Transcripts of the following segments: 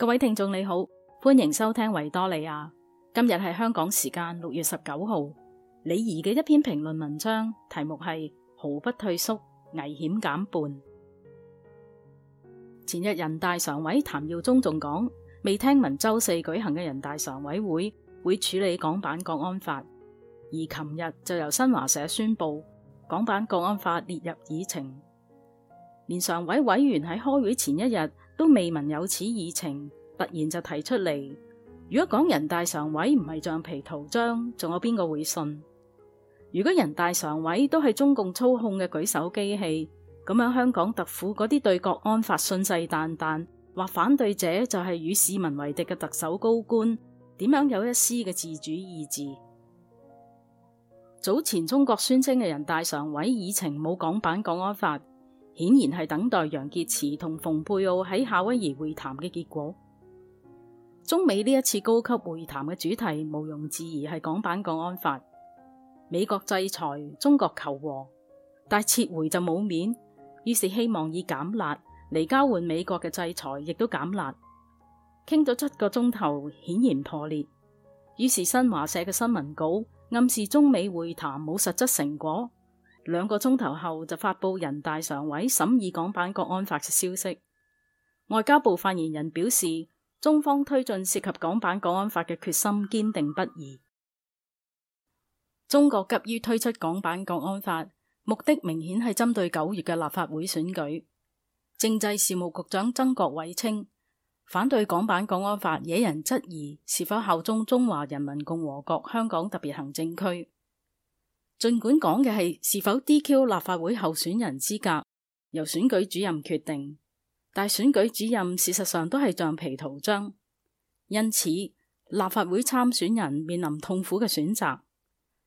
各位聽眾你好，歡迎收聽維多利亞。今日係香港時間六月十九號，李怡嘅一篇評論文章，題目係毫不退縮，危險減半。前日人大常委譚耀宗仲講，未聽聞周四舉行嘅人大常委會會處理港版國安法，而琴日就由新華社宣佈港版國安法列入議程，連常委委員喺開會前一日都未聞有此議程。突然就提出嚟，如果講人大常委唔係橡皮圖章，仲有邊個會信？如果人大常委都係中共操控嘅舉手機器，咁樣香港特府嗰啲對國安法信誓旦旦，話反對者就係與市民為敵嘅特首高官，點樣有一絲嘅自主意志？早前中國宣稱嘅人大常委議程冇港版國安法，顯然係等待楊潔篪同蓬佩奧喺夏威夷會談嘅結果。中美呢一次高級會談嘅主題，毋庸置疑係港版國安法。美國制裁，中國求和，但撤回就冇面，於是希望以減辣嚟交換美國嘅制裁，亦都減辣。傾咗七個鐘頭，顯然破裂，於是新華社嘅新聞稿暗示中美會談冇實質成果。兩個鐘頭後就發布人大常委審議港版國安法嘅消息。外交部發言人表示，中方推進涉及港版國安法嘅決心堅定不移。中國急於推出港版國安法，的安法目的明顯係針對九月嘅立法會選舉。政制事務局長曾國偉稱，反對港版，港版國安法惹人質疑是否效忠中華人民共和國香港特別行政區。儘管講嘅係是否 DQ 立法會候選人資格，由選舉主任決定。但選舉主任事實上都係橡皮圖章，因此立法會參選人面臨痛苦嘅選擇，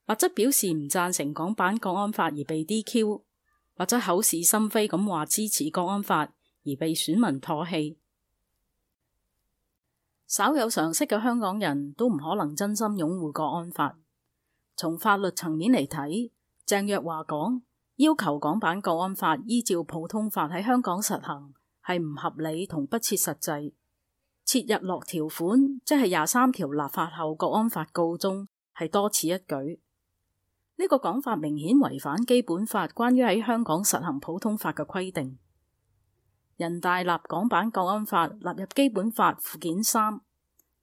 或者表示唔贊成港版國安法而被 DQ，或者口是心非咁話支持國安法而被選民唾棄。稍有常識嘅香港人都唔可能真心擁護國安法。從法律層面嚟睇，鄭若驊講要求港版國安法依照普通法喺香港實行。係唔合理同不切實際，設日落條款，即係廿三條立法後國安法告終係多此一舉。呢、這個講法明顯違反基本法關於喺香港實行普通法嘅規定。人大立港版國安法納入基本法附件三，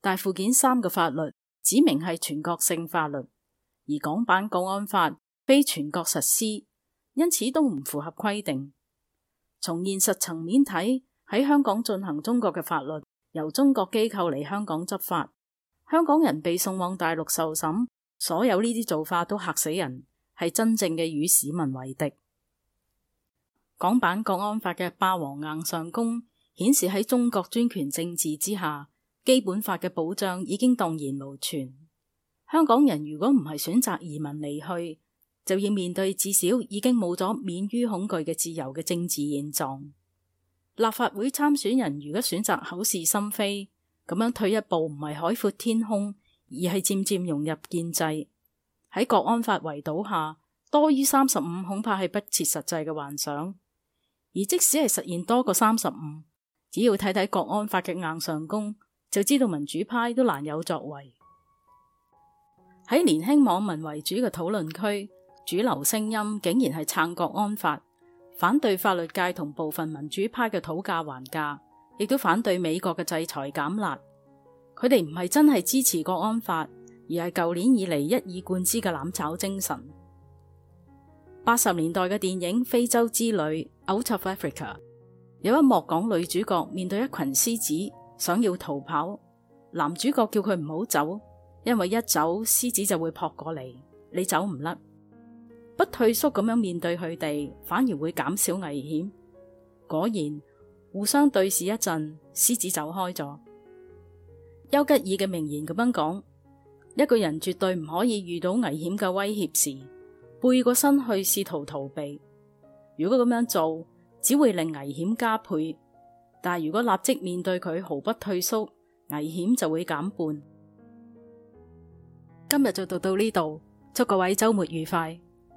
但附件三嘅法律指明係全國性法律，而港版國安法非全國實施，因此都唔符合規定。從現實層面睇，喺香港進行中國嘅法律，由中國機構嚟香港執法，香港人被送往大陸受審，所有呢啲做法都嚇死人，係真正嘅與市民為敵。港版國安法嘅霸王硬上弓，顯示喺中國專權政治之下，基本法嘅保障已經蕩然無存。香港人如果唔係選擇移民離去，就要面對至少已經冇咗免於恐懼嘅自由嘅政治現狀。立法會參選人如果選擇口是心非，咁樣退一步唔係海闊天空，而係漸漸融入建制。喺國安法圍堵下，多於三十五恐怕係不切實際嘅幻想。而即使係實現多過三十五，只要睇睇國安法嘅硬上弓，就知道民主派都難有作為。喺年輕網民為主嘅討論區，主流聲音竟然係撐國安法，反對法律界同部分民主派嘅討價還價，亦都反對美國嘅制裁減辣。佢哋唔係真係支持國安法，而係舊年以嚟一以貫之嘅攬炒精神。八十年代嘅電影《非洲之旅》（Out of Africa） 有一幕講女主角面對一群獅子想要逃跑，男主角叫佢唔好走，因為一走獅子就會撲過嚟，你走唔甩。不退縮咁樣面對佢哋，反而會減少危險。果然，互相對視一陣，獅子走開咗。丘吉爾嘅名言咁樣講：一個人絕對唔可以遇到危險嘅威脅時，背過身去試圖逃避。如果咁樣做，只會令危險加倍。但如果立即面對佢，毫不退縮，危險就會減半。今日就讀到呢度，祝各位周末愉快。